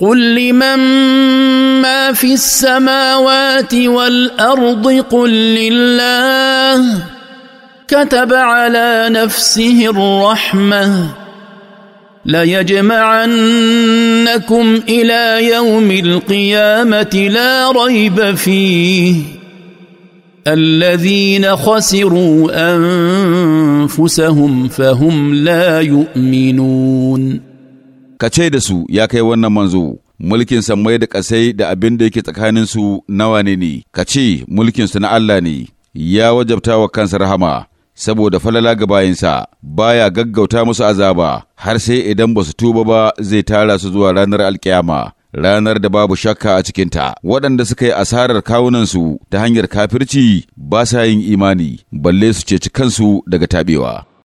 قل لمن ما في السماوات والارض قل لله كتب على نفسه الرحمه ليجمعنكم الى يوم القيامه لا ريب فيه الذين خسروا انفسهم فهم لا يؤمنون ka ce da su ya kai wannan manzo mulkin sammai da ƙasai da abin da yake tsakaninsu nawa ne ne ka ce mulkinsu na Allah ne ya wajabta wa kansa rahama saboda falala ga bayinsa baya gaggauta musu azaba har sai idan ba su tuba ba zai tara su zuwa ranar alkiyama ranar da babu shakka a cikinta waɗanda suka yi asarar kawunansu ta hanyar kafirci ba sa yin imani balle su ceci kansu daga taɓewa